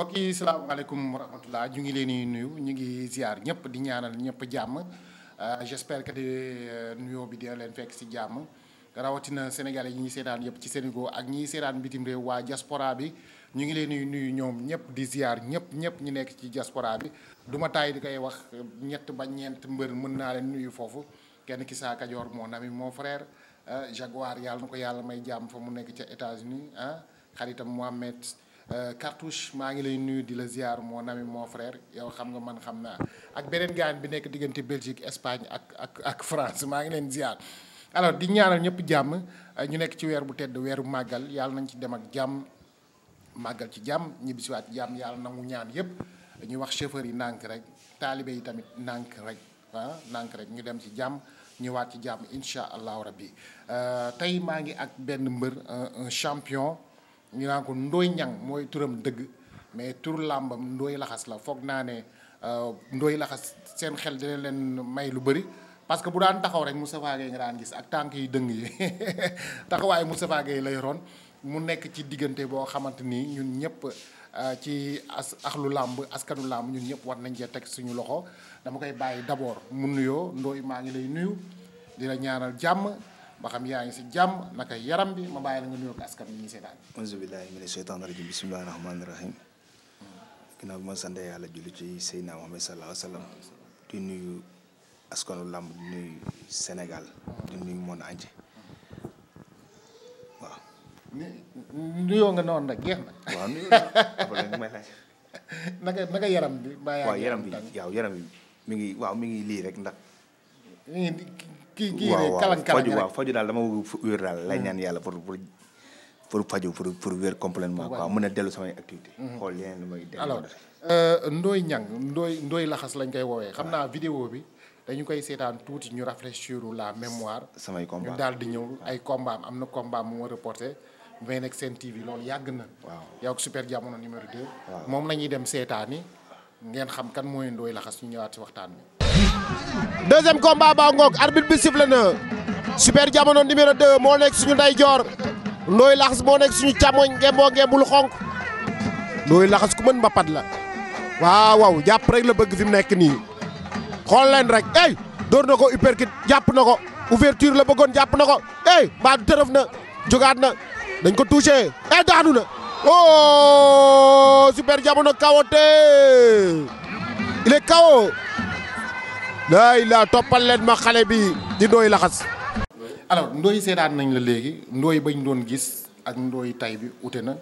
mbokk yi salaamaaleykum wa rahmatullah ñu ngi leen di nuyu ñu ngi ziar ñëpp di ñaanal ñëpp jàmm euh, j'espère que euh, nuyoo bi dina leen fekk si jàmm rawatina sénégalais yi ñuy seetaan yëpp ci Sénégal ak ñiy seetaan bitim réew waa jaspora bi ñu ngi leen di nuyu ñoom ñëpp di ziar ñëpp ñëpp ñu nekk ci jaspora bi du ma taay di koy wax ñett ba ñeent mbër mën naa leen nuyu foofu kenn ki saa Kajoor moo ami mon frère euh, Jaguar yàlla na ko yàlla may jàmm fa mu nekk ca États-Unis ah xaritam Mohamed Euh, Cartouche maa ngi lay nuyu di la ziar mon nami mon frère yow xam nga man xam naa ak beneen gaan bi nekk diggante Belgique Espagne ak ak ak France maa ngi leen ziar. alors di ñaanal ñëpp jàmm euh, ñu nekk ci weer bu tedd weeru màggal yàlla nañ ci dem ak jàmm màggal ci jàmm ñibbi ñibbisiwaat jàmm yàlla nangu ñaan yëpp ñuy wax chauffeur yi nànk rek taalibe yi tamit nànk rek ah nànk rek ñu dem ci jàmm ñëwaat ci jàmm incha allahu rabbi euh, tey maa ngi ak benn mbër un champion. ñu naan ko Ndoye ñan mooy turam dëgg mais tur làmbam Ndoye Laxas la foog naa ne euh, Ndoye Laxas seen xel dina leen may lu bëri parce que bu daan taxaw rek mu Gueye nga daan gis ak tànk yi dëng yi taxawaay mu Gueye lay roon mu nekk ci diggante boo xamante ni ñun ñëpp euh, ci as axlu làmb askanu làmb ñun ñëpp war nañ cee teg suñu loxo dama koy bàyyi d'abord mu nuyoo Ndoye maa ngi lay nuyu dina la ñaanal jàmm. ba xam yaa ngi si jàmm naka yaram bi ma bàyyi la nga nuyoo ak askan bi ñuy seetaan. auzu billaahi mina sheytaani rajiim bismillaahi rahmaani rahiim. ginnaaw bi ma sant yàlla julli ci Seydina Muhammad wa sallam di nuyu askanu làmb di nuyu Sénégal di nuyu monde entier waaw. nuyoo nga noonu nag jeex na. waaw nuyoo nga naka yaram bi. mbaa yaa ngi waaw yaram bi waaw yaram mi ngi waaw mi ngi lii rek ndax. kii kii rek kalang kalang waaw waaw faju daal dama wér daal lay ñaan yàlla pour pour pour faju pour pour wér complètement quoi mën a dellu samay activité mhm. xool yeneen lu may dellu euh, ndooy Ndoye Niang Ndoye laxas lañ koy woowee xam naa vidéo bi dañu koy seetaan tuuti ñu rafraîchir la mémoire samay combat ñu daal di ñëw ay combat am na combat mu ma reporté mais nag seen TV loolu yàgg na waaw yow ak super jamono numéro 2 moom la ñuy dem seetaani ngeen xam kan mooy ndooy laxas ñu ñëwaat ci waxtaan bi deuxième combat ba ngoog arbitre bi sifflé na super jamono numéro 2 moo nekk suñu ndeyjoor ndooy laxas moo nekk suñu càmmoñ ngemboo ngembul xonk ndooy laxas ku mën mbapat la waaw waaw jàpp rek la bëgg fi mu nekk nii xool leen rek ey dóor na ko uppercut jàpp na ko ouverture la bëggoon jàpp na ko ey mbaa du na jógaat na dañ ko touché ey daanu na oh super jamono kawote il kawo daay laa toppal leen ma xale bi di ndooy laxas alors ndooy seetaan nañ la léegi ndooy bañ doon gis ak ndooy tay bi ute na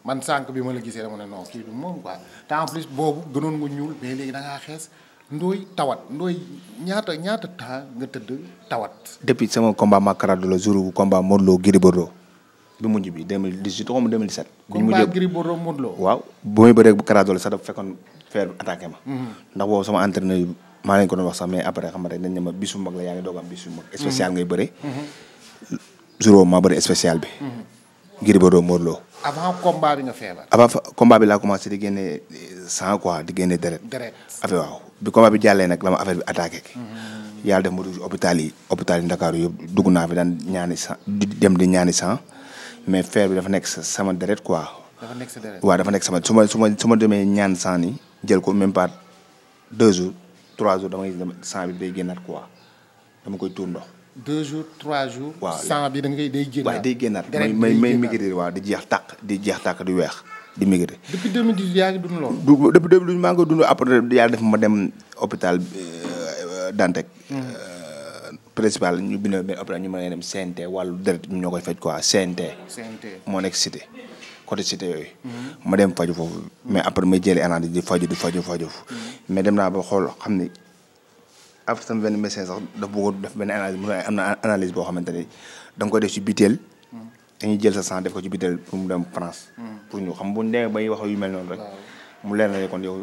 man sànq bi ma la gisee dama ne non kii du moom quoi te en plus boobu gënoon nga ñuul mais léegi da ngaa xees ndooy tawat ndooy ñaata ñaata temps nga tëdd tawat. depuis sama combat Makarado la jour bu combat Modou Lo Gris Bordeaux bi mujj bi 2018 xaw ma 2017. bi ñu mujjee combat Gris Bordeaux Modou Lo waaw bu may bu Karado la sax ma. Mhm. ndax boobu sama entraîneur maa leen ko wax sax mais après xam nga rek dañ ne ma bisu mag la yaa ngi doog am bisu mag. Mhm. spécial ngay bëre. Mhm. juróom maa bëri spécial bi. ngir mhm. bëroo Modou Lo. avant combat bi bi laa commencé di génne sang quoi di génne deret. deret affaire waaw bi combat bi jàllee nag la ma affaire bi attaqué. yàlla def ma dugg hôpital yi hôpital Ndakaaru yëpp dugg naa fi daan ñaani sang dem di ñaani sang mais feer bi dafa nekk sama deret quoi. dafa nekk sa deret waaw dafa nekk sama su ma su su ma demee ñaan sang ni jël ko même pas deux trois jours damay sang bi day génnaat quoi dama koy tuur ndox. deux jours trois jours. waaw sang da ngay day génnaat waaw day génnaat may may may maigrir waaw di jeex tàq di jeex tàq di weex di maigrir. depuis 2010 yaa ngi dund loolu. depuis 2010 maa ngi ko dund après yàlla def ma dem hôpital euh, Dantec. Hmm. Euh, principal a dem CNT wàllu deret ñoo koy faj quoi CNT. CNT moo nekk cité. côté cité yooyu. Hmm. ma dem faju foofu mais après may jëlee analyse di faju di faju faju hmm. mais dem naa ba xool xam ni après sama benn médecin sax daf bëggoon def benn analyse a am na analyse boo xamante ni da nga koy def ci butéel. dañuy jël sa sang ko ci butéel pour mu dem France. pour ñu xam bu ñu demee bay wax yu mel noonu rek. mu leer na kon yow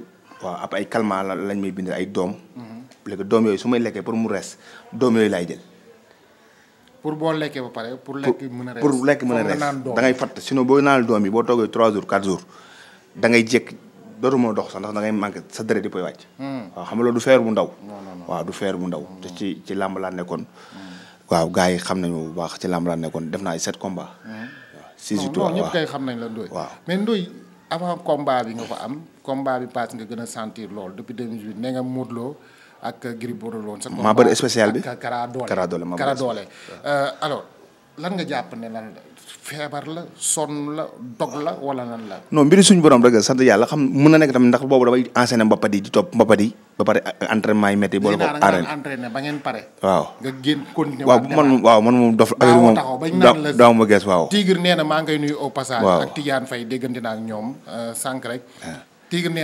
waaw ay calmants la lañ may bindal ay doom. Mm-hmm. léegi doom su may lekkee pour mu rees doom yooyu laay jël. pour boo lekkee ba pare pour lekk mën lekk mën a rees da ngay fatt sinon boo naan doom yi boo toogee 3 jours 4 jours da ngay jékki. dootu moo dox sax ndax da ngay sa deret di koy wàcc. Hmm. waaw xam nga loolu du feer bu ndaw. waaw hmm. te ci ci làmb laa nekkoon. Hmm. waaw gars yi xam nañu bu baax ci làmb laa nekkoon def na ay sept combats. six victoires waaw ñëpp kay xam nañ la Ndoye. waaw mais Ndoye avant combat bi nga ko am combat bi pass nga gën a sentir lool depuis 2018 nee nga Modou Lo ak Gris Bordeaux loon. sa combat maa bëri spécial bi Kara Doole Kara Doole. Euh, alors lan nga jàpp ne lan la. feebar la sonn la dog la wala nan la. non mbiri suñu borom rek sant yàlla xam mun na nekk tamit ndax boobu damay enseigné mbapat yi di topp mbapat yi ba nga génn continué waaw man waaw man moom dof affaire moom taxaw bañ naan la daaw ma gees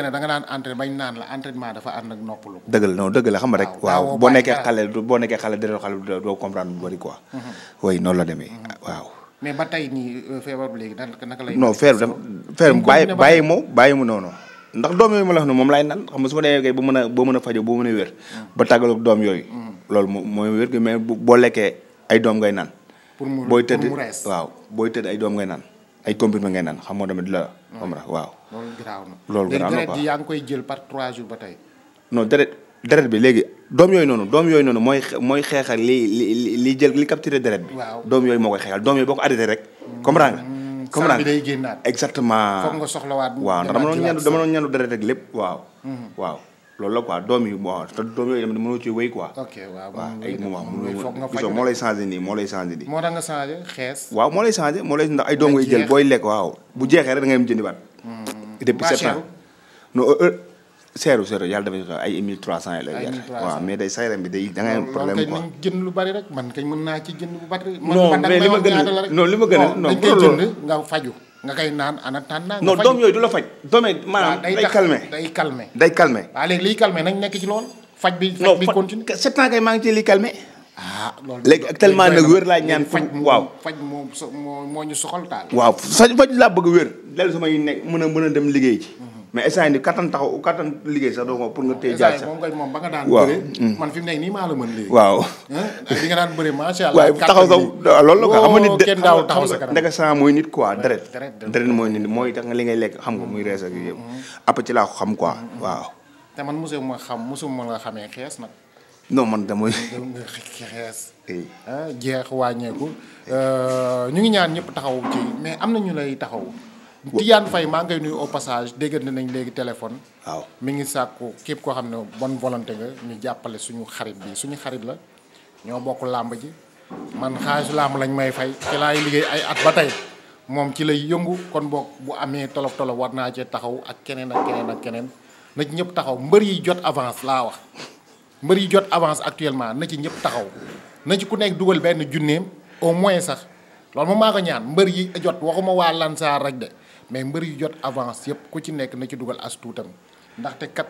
da nga naan entraîné bañ naan dafa ànd ak noppalu. dëgg la xam rek. waaw boo nekkee xale boo doo comprendre bu bëri quoi. Mm-hmm. oui noonu la demee waaw mais ba tey nii euh, feebar bi léegi daanaka naka lay. non feer dem feer bàyyi bàyyi mu bàyyi ndax doom yooyu la moom laay nan xam nga su ba mën a ba a fajo ba mën a wér. ba tàggaloog doom yooyu. Mm. loolu moom mooy wér gi mais boo lekkee ay doom ngay naan. pour mu booy tëdd waaw booy tëdd ay doom ngay naan ay comprimé ngay naan xam nga tamit la. waaw loolu garaaw na. loolu garaaw na quoi léegi deret ji yaa ngi koy jël par trois ba tey. deret deret bi léegi doom yooyu noonu doom yooyu noonu mooy mooy xeexal li li li jël li capturé deret bi. waaw doom yooyu moo koy xeexal doom yooyu boo ko arrêté rek. Mm. comprendre nga. Mm. comprendre bi day génnaat exactement. nga soxlawaat. waaw ndax dama doon ñaandu dama doon ñaandu deret rek lépp waaw. Mm-hmm. waaw loolu la doom yi waaw te doom yooyu tamit mënoo ci wéy quoi. ok moo lay changé nii moo lay changé nii. moo tax nga changé xees. waaw moo lay changé moo lay ndax ay doom ngay jël booy lekk waaw bu jeexee rek da ngay dem jëndiwaat. Mm. depuis sept ans seeru seeru yàlla dafay ay mille trois cent lay jar waaw mais day sayram bi day da ngay am naa ci jënd lu bari non li ma gënal non naan ana tànn naa non doom yooyu du la faj doome maanaam day calmé day bi faj bi continue sept ans kay maa ngi ci liy calmé ah laa ñaan faj waaw faj moo moo ñu soxal taal waaw faj faj laa bëgg wér dellu samay nekk mën a mën a dem liggéey ci mais instant ni kattan taxaw kattan liggéey sax doo ko pour nga téye jaaj sax moom mm. man fi mu nekk nii allah taxaw sax loolu la ko xam nga nit kenn daaw taxaw mooy nit quoi deret nga li ngay lekk xam nga muy rees ak yëpp mm-hmm. après ci laa xam quoi mm-hmm. waaw te man mosu xam mosu ma nga xamee xees nag non man damay xees ah, jeex wàññeeku euh, ñu ngi ñaan ñëpp taxaw ci mais am na ñu lay taxaw Tidiane Faye maa ngay nuyu au passage déggante nañ léegi téléphone. waaw mi ngi sàkku képp koo xam ne bonne volonté nga ñu jàppale suñu xarit bi suñu xarit la ñoo bokk làmb ji man xaalisu làmb lañ may fay ci laay liggéey ay at ba tey moom ci lay yëngu kon boog bu amee tolof tolof war naa cee taxaw ak keneen ak keneen ak keneen na ci ñëpp taxaw mbër yi jot avance laa wax mbër yi jot avance actuellement na ci ñëpp taxaw na ci ku nekk dugal benn junneem au moins sa loolu moom maa mbër yi jot waxuma waa Lansar rek de. mais mbër yu jot avance yëpp ku ci nekk na ci dugal as tuutam ndaxte kat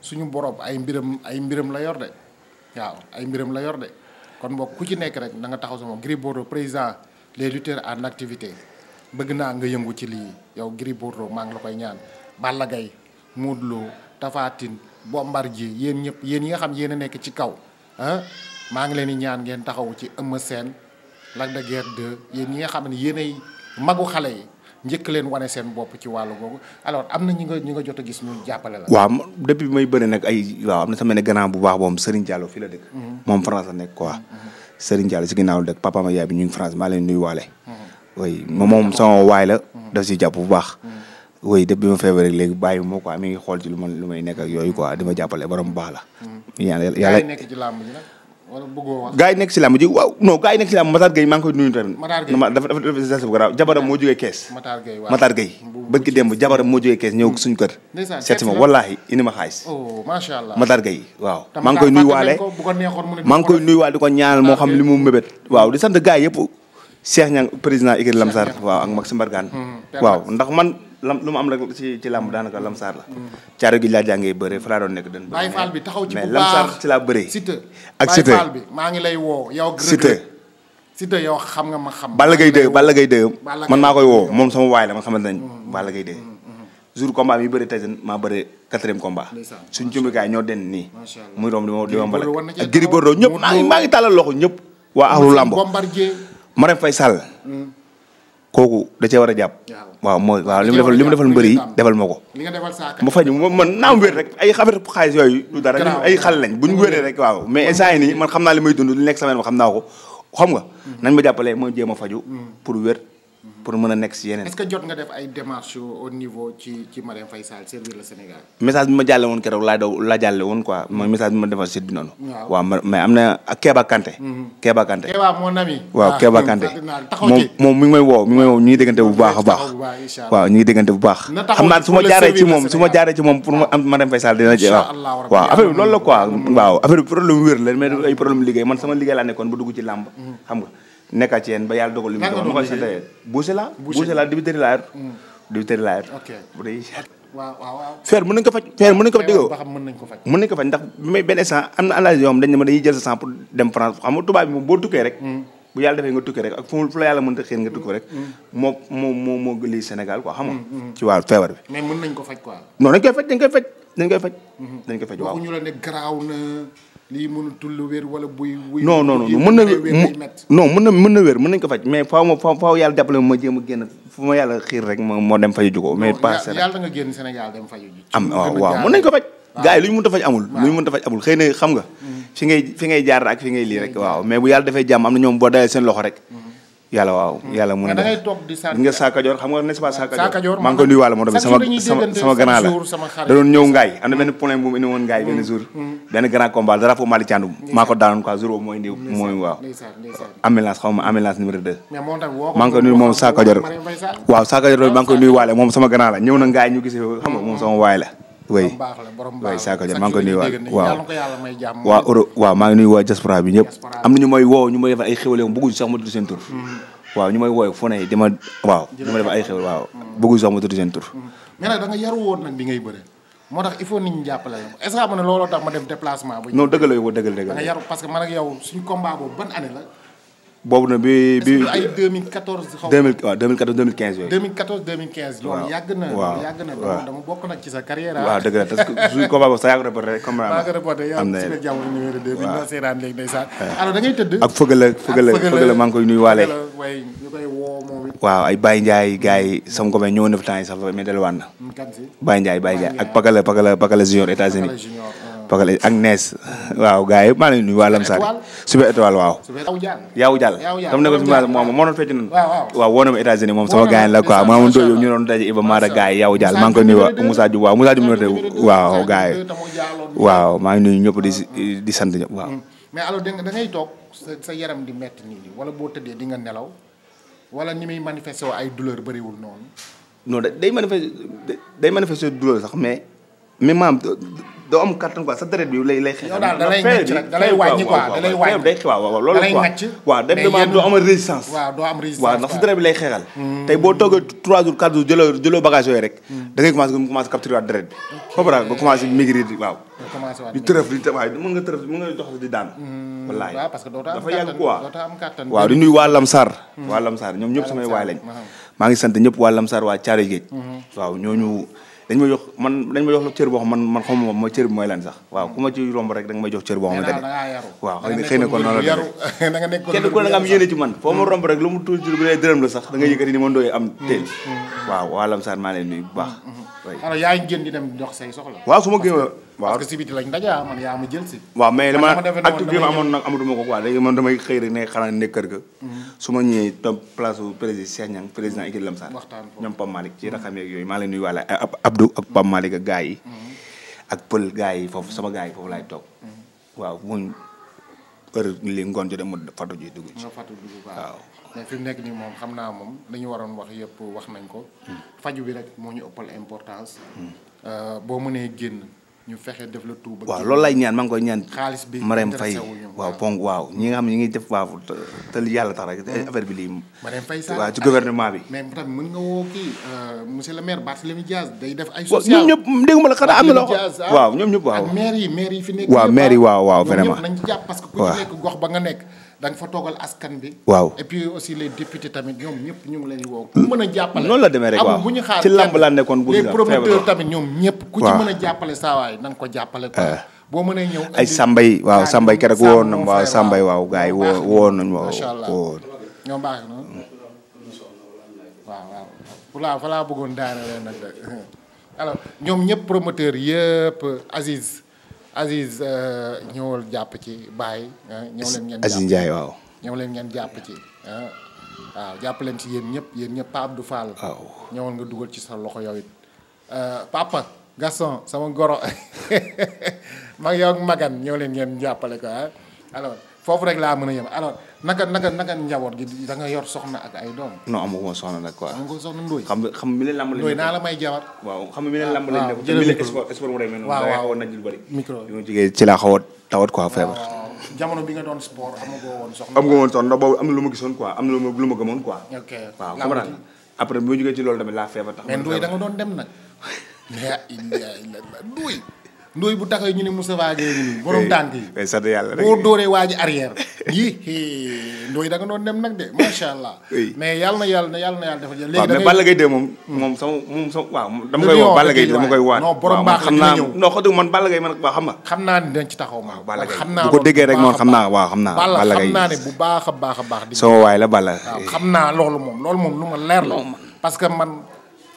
suñu borom ay mbiram ay mbiram la yor de waaw ay mbiram la yor de kon boog ku ci nekk rek na nga taxaw sama Gris Bordeaux président les lutteurs en activité bëgg naa nga yëngu ci lii yow Gris Bordeaux maa ngi la koy ñaan Balla Gaye Modou Lo Tapha Tine Bombardier yéen ñëpp yéen ñi nga xam yéen a nekk ci kaw ah, maa ngi leen di ñaan ngeen taxawu ci Eumeu Sène Lac de Guiers 2 yéen ñi nga xam ne yéenay magu xale yi njëkk leen wane seen bopp ci wàllu googu alors am na ñi nga ñi jot a gis ñu jàppale la. waaw depuis bi may bëri nag ay waaw am na sama ne gànnaaw bu baax moom Serigne Diallo fi la dëkk. Mhm. moom France la nekk quoi. Serigne Diallo si ginnaaw la dëkk papa ma bi ñu ngi France maa leen mhm. moom mhm. sama waay la. daf si jàpp bu baax. oui depuis ma feebar rek léegi bàyyi ma quoi mi ngi xool ci lu ma lu may nekk ak yooyu quoi di ma jàppale borom bu baax la. yàlla nekk ci làmb ji nag. wala bëggoo wax gars yi nekk si làmb ji waaw non gars yi nekk si làmb Matar Gueye maa ngi koy nuyu tamit. Matar Gueye dafa dafa dafa geste bu garaaw waaw Matar Gueye. bëgg démb jabaram moo jógee kees kër. seet ma wallaahi indi ma xaalis. Oh, macha allah koy nuyu waale maa koy nuyu waale di ko ñaanal moo xam li mu mébét. waaw di sant gars yëpp Cheikh Niang président Igri Lamsar waaw ak Maxime Bargane hmm, hmm, waaw ndax man lam lu mu am la ci ci làmb daanaka lamsaar la. caaro gi laa jàngee bëre fa laa doon nekk dañ bëri. Baye Fall taxaw ci bu mais lamsaar ci laa bëree. Siteu ak Siteu Baye bi maa ngi lay woo. yow Siteu Siteu yow xam nga ma xam. Balla Gaye 2 Balla Gaye 2 man maa koy woo moom sama waay la ma xamante nañ Balla Gaye 2 mm, mm, mm. jour combat bi bëri tey maa bëri quatrième combat suñ jumtukaay ñoo den nii muy doom di ma di ma mbala ak Gris Bordeaux ñëpp maa ngi maa ngi tàllal loxo ñëpp waa ahlu làmb Marème fay Sall kooku da cee a jàpp. waaw mooy waaw li mu defal li mu defal mbër ma ko. li nga defal saaka ma faj man naam wér rek ay xaalis yooyu. du dara ay xal lañ bu ñu wéree rek waaw. mais instant yii nii man xam naa li may dund li nekk semaine xam naa ko xam nga. Mm. nañ ma jàppale mooy jéem a faju mm. pour wér Mhm. pour mën a nekk si yeneen. est-ce que jot nga def ay démarches au niveau ci ci Marième le Sénégal. message bi ma jàlle woon keroog laa daw laa jàlle woon quoi mooy mhm. message moom mu mi ngi may woo mi may woo ñu déggante bu baax a baax. waaw ñu déggante bu baax. xam naa su ma jaaree ci moom su jaaree ci moom pour ma am Marième Faye Sall dina jël waaw. waaw affaire loolu la mhm. waaw affaire problème wér la mais ay problème liggéey man sama liggéey laa nekkoon ba dugg ci làmb nekka ci yéen ba yàlla dogal li mu buuse laa yor dibiteri laa yor bu dee waaw waaw feer mën nañ ko faj feer mën nañ ko faj ndax mais benn am na analyse yoo dañ ne ma dañuy jël sa sang pour dem France xam nga tubaab bi moom boo tukkee rek hmm. bu yàlla defee nga tukki rek fu la yàlla mën a xëy nga tukki hmm. rek hmm. moo moo moo lii Sénégal quoi xam ci wàllu feebar bi mais mën nañ ko faj dañ koy faj dañ koy faj dañ koy faj dañ koy faj waaw na lii mënutul wér wala buy. buy non non non mën na non mën na mën na wér mën nañ ko faj mais faaw ma faaw faaw yàlla jàppale ma jéem a génn fu ma yàlla xiir rek moo dem faju ji mais pas yàlla nga génn Sénégal dem faju ji. am waaw waaw mën nañ ko faj. gaa yi lu ñu mën a faj amul lu ñu mën a faj amul xëy na xam nga mm-hmm. fi ngay fi ngay jaar ak fi ngay lii rek waaw mais bu yàlla defee jàmm am na ñoom boo dalee seen loxo rek mm-hmm. yàlla waaw mm. yàlla mën na nga saakajoor xam nga koy nuyu wàlla moo tamit sama sama la ñëw na mm. ngaay mm. benn jour waaw ambulance xaw ma ambulance numéro 2 maa ngi koy nuyu moom saakajoor waaw moom sama grand la ñëw na ngaay ñu gisee xam moom sama waay la way saaka jan maa ngi koy nuyuwaat waa Europe waaw maa ngi nuyu waa am na ñu may woo ñu may defal ay xéwal yoom bëgguñu sax ma seen tur mm. waaw ñu may wooy fu ne dama waaw dama def ay xéwal waaw mm. bëgguñu sax ma seen tur mm. mais nag da yaru woon nag bi ngay bëre moo tax il faut nit ñi est-ce que xam ne looloo tax ma def déplacement bu non dëgg la yow dëgg parce que man ak yow suñu combat boobu ban année la boobu nag bi bi ay 2014. xaw ma 2000 waaw 2014 2015 yooyu. 2014 2015. waaw loolu yàgg na loolu yàgg na dama bokk nag ci sa carrière. Ah. waaw dëgg la parce que suñu combat boobu sax yaa ko reporté rek. comme maa ko reporté yow si la jàmm numéro 2 bi ñu seeraan léegi ndeysaan. alors da ngay tëdd. ak fëgale ak fëgale fëgale maa ngi koy nuyuwaale. waaye ñu koy woo moom it. waaw ay Baye Ndiaye gars yi sama copain ñëwoon na fi temps yi sax mais delluwaat na. Mm, Baye Ndiaye Baye Ndiaye ak Pakala Pakala Pakala Junior États-Unis ah. Pakala ak Nees waaw gars yi maa ngi lay nuyu waa Lamsar Super Étoile waaw. Yaw Jaan Sénégal xam na ko fi moom moo doon fecc nañu waaw woo ma États-Unis moom sama gars la quoi waaw maa ngi nuyu ñëpp di sant ñëpp waaw mm. mais alors da ngay toog sa yaram di metti nii wala boo tëddee di nga nelaw wala ni muy manifesté ay douleur bëriwul noonu non day manifesté day manifesté douleur sax mais mais maam doo am kàttan quoi sa deret bi lay xeexal. da lay ngacc waaw doo am résistance. doo am résistance waaw ndax sa deret bi lay xeexal. Hmm. tey boo toogee 3 jours 4 jours jëloo bagage yooyu rek. Hmm. da ngay commencé deret bi. comprendre nga ba commencé maigrir waaw. waaw di daan. waa Lamsar. Hmm. waa Lamsar ñoom ñëpp samay waay lañ. maa ngi sant ñëpp waa Lamsar waa Thiaroye Géej. waaw ñooñu dañ ma jox man la cër boo xam man man ma cër bi mooy lan sax waaw ku ma ci romb rek da nga may jox cër boo xamante ne waaw xëy na kon noonu la kenn ku ne nga man foo ma mm. romb rek lu mu tuuti bu dee dërëm la sax da nga yëkkati ni ma ndooy am mm. teel mm. waaw waalam saan maa leen nuyu baax alors yaa ngi génn di soxla. waaw su ma génn waaw parce que si biti ah, ma jël si. waaw mais dama activité bi amoon nag amatuma ko quoi léegi man damay xëy rek ne xanaa ne kër ga. Mhm. su ma ñëwee tam place président Cheikh Niang président équipe Lamsar. waxtaan foofu ñoom Pape Malick ci mhm. raxam yeeg yooyu maa ngi leen nuyuwaale ab Abdou ak Pape Malick ak gars yi. Mhm. ak pël gaa yi foofu sama gaa yi foofu laay toog. waaw muñ heure li ngoon jotee mu fàttu ji dugg ci. waaw mais fi mu nekk nii moom xam naa moom li ñu waroon wax yëpp wax nañ ko. faju bi rek moo ñu ëppal importance. Euh, boo mënee génn ñu fexe def la tout. waaw loolu lay ñaan maa ngi koy ñaan. xaalis bi Marème Faye waaw ponk waaw ñi nga xam ne ñu ngi def waaw te yàlla hmm. bi lii. Marème Faye sax waaw bi. mais tamit mën nga woo kii euh, monsieur le maire Barthélémy Diaz day def ay. social ñoom ñëpp dégguma la xanaa am parce que ku gox ba nga nekk danga nga fa toogal askan bi. waaw et puis aussi les députés tamit ñoom ñëpp ñu ngi leen di woo. Hmm. ku mën a jàppale noonu la demee rek waaw ci lamb laa nekkoon bu ñu les ku ci mën a jàppale saa waay ko jàppale. Ah. boo mënee ñëw ay Sambay waaw Sambay keroog woon na waaw Sambay waaw gars yi woo woon nañu waaw. macha allah ñoom baax na bëggoon daane leen nag alors ñoom ñëpp promoteurs yëpp Aziz. Aziz euh, ñëwal jàpp ci baay euh, ñëw leen ngeen jàpp ñëw leen ngeen jàpp ci waaw jàpp leen ci yéen ñëpp yéen ñëpp Pape Abdou Fall. ñëwal nga dugal ci sa loxo yow it. Euh, papa Gaston sama goro mag yow ak Magane ñëw leen ngeen jàppale ko ah alors. foofu rek laa mën a yem alors naka naka njawoot njaboot gi nga yor soxna ak ay doom. non amaguma soxna soxna Ndoye. xam nga xam mi leen lamb lañ. Ndoye naa la may jabar. waaw xam mi leen ah, lamb lañ. waaw jërëjëf ci laa xaw a tawat ah, jamono bi nga doon sport amagoo woon soxna. amagoo woon soxna boobu am na lu ma am lu ma lu ma gëmoon quoi. ok waaw xam nga après bi ma jógee ci loolu tamit laa feebar tax. mais Ndoye da nga doon dem nag. mais ndooy bu taxawee ñu ne Moustapha Gueye ngi nii borom tànk yi yàlla rek boo dóoree waa da nga doon dem nag de macha allah mais yàlla na yàlla na yàlla na yàlla defal léegi waaw mais Balla Gaye de moom hmm. moom sama moom sama waaw dama koy woo Balla Gaye dama koy naa non xodug man Balla Gaye man waaw xam nga xam naa ne dañ ci taxaw ma Balla xam naa bu ko déggee rek moom xam naa waaw xam naa Balla Gaye xam naa bu baax a baax a baax di sama waay la Balla waaw xam naa loolu moom loolu moom lu ma leer la parce que man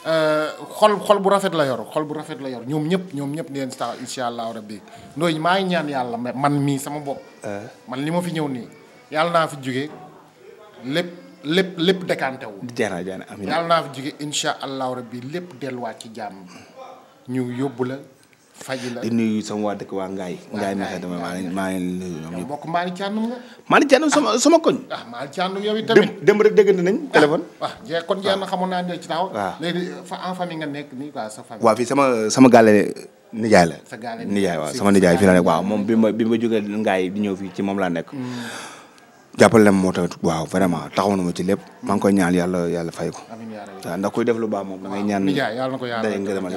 Euh, xol xol bu rafet la yor xol bu rafet la yor ñoom ñëpp ñoom ñëpp ngeen tax incha allahu rabbi ndooy maa ngi ñaan yàlla man mii sama bopp. Euh. man li ma fi ñëw nii yàlla naa fi jóge lépp lépp lépp décanté wu. jaana jaana amiin yàlla naa fi jóge incha allahu rabbi lépp delluwaat ci jàmm ñu yóbbu la. faji la di sama waa dëkk waa Ngaye. Ngaye Mekhe dama maa ngi maa ngi sama ah. sama koñ. ah Malick Thiandoum yow itamit dem dem rek déggante nañ ah. téléphone. waaw ah, jeex kon jeex na xamoon naa ne ci taxaw. waaw nga nekk nii sa famille. waaw fii sama sama gàlle nijaay la. sa gàlle nijaay waaw sama nijaay la nekk waaw moom bi ma bi ma jógee Ngaye di ñëw fii ci moom laa nekk. Mm. jàppale moo tamit waaw vraiment taxaw na ma ci lépp maa koy ñaan yàlla yàlla fay ko. amiin yaa rabbi waaw ndax kuy def lu baax moom da ngay ñaan. yàlla defal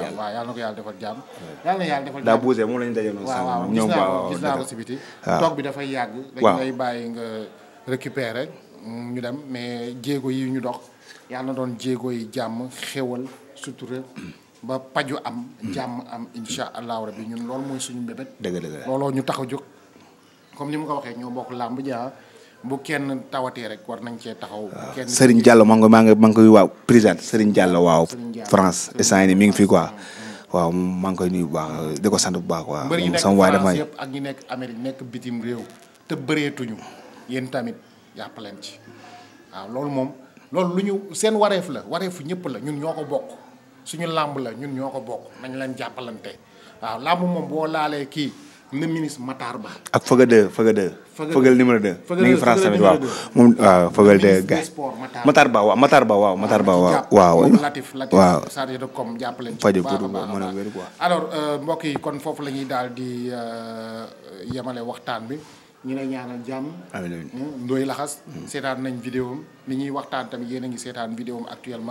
jàmm. yàlla na daa buusee moom la ñu daje noonu. waaw waaw gis naa toog bi dafay yàgg. waaw bàyyi nga récupérer ñu dem mais jéego yi ñu dox yàlla na doon jéego yi jàmm xéwal sutura ba paju am. jàmm am incha allahu rabbi ñun lool mooy suñu mbébét. dëgg dëgg looloo ñu tax a jóg comme ni mu ko waxee ñoo bokk làmb ja bu kenn tawatee rek war nañ cee taxaw. Ah. kenn Serigne Diallo maa ngi maa ngi maa ngi koy waaw président Serigne Diallo waaw. France mm-hmm. instant yii fi quoi. Mm-hmm. waaw maa koy nuyu bu baax di ko sant bu baax quoi. moom mm, sama waay dafa yëpp ak ñi nekk Amérique nekk bitim réew. te bëreetuñu yéen tamit yàpp leen ci waaw loolu moom loolu lu ñu seen wareef la wareefu ñëpp la ñun ñoo ko bokk suñu làmb la ñun ñoo ko bokk nañ leen jàppalante waaw làmb moom boo laalee kii. le ministre Matar Ba. ak Fëgal 2 Fëgal 2. Fëgal numéro 2. Fëgal mi ngi France tamit waaw moom waaw Ba waaw Ba waaw Matar Ba waaw. Ah, waaw Latif Latif chargé de com jàppale. fajj pour mën a wér quoi. alors euh, mbokk yi kon foofu la ñuy daal di euh, yemale waxtaan bi ñu ne ñaanal jàmm. amiin amiin Ndoye Laxas. Hmm. nañ vidéo am li ñuy waxtaan tamit yéen a ngi seetaan vidéo am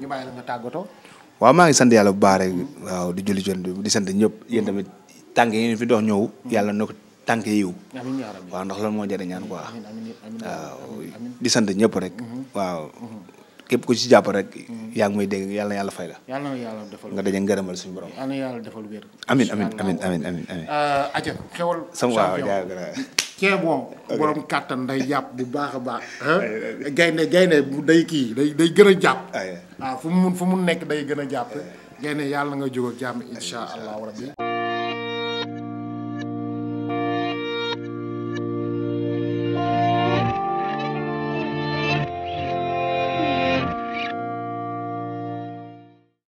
ñu bàyyi la tàggatoo. waaw maa ngi sant yàlla bu baax rek waaw di julli jot di sant ñëpp yéen tamit. tànk yi ñu fi dox ñëw mm-hmm. yàlla na ko tànk yiw waaw ndax loolu moo jar jëriñaan quoi waaw di sant ñëpp rek mm-hmm. waaw mm-hmm. képp ku ci jàpp rek yaag mooy may dégg yàlla yàlla fay la yàlla yàlla defal nga daje ngërëmal suñu borom yàlla na yàlla defal wér amin amin amin amin amin amin euh, aca xewal sama waaw jaagara cee bon kàttan day jàpp bu baax gaynde gaynde day kii day day gën a jàpp waaw ah, fu mu mun fu mu nekk day gën a jàpp gaynde yàlla nga jóg ak jàmm insha allahu rabbi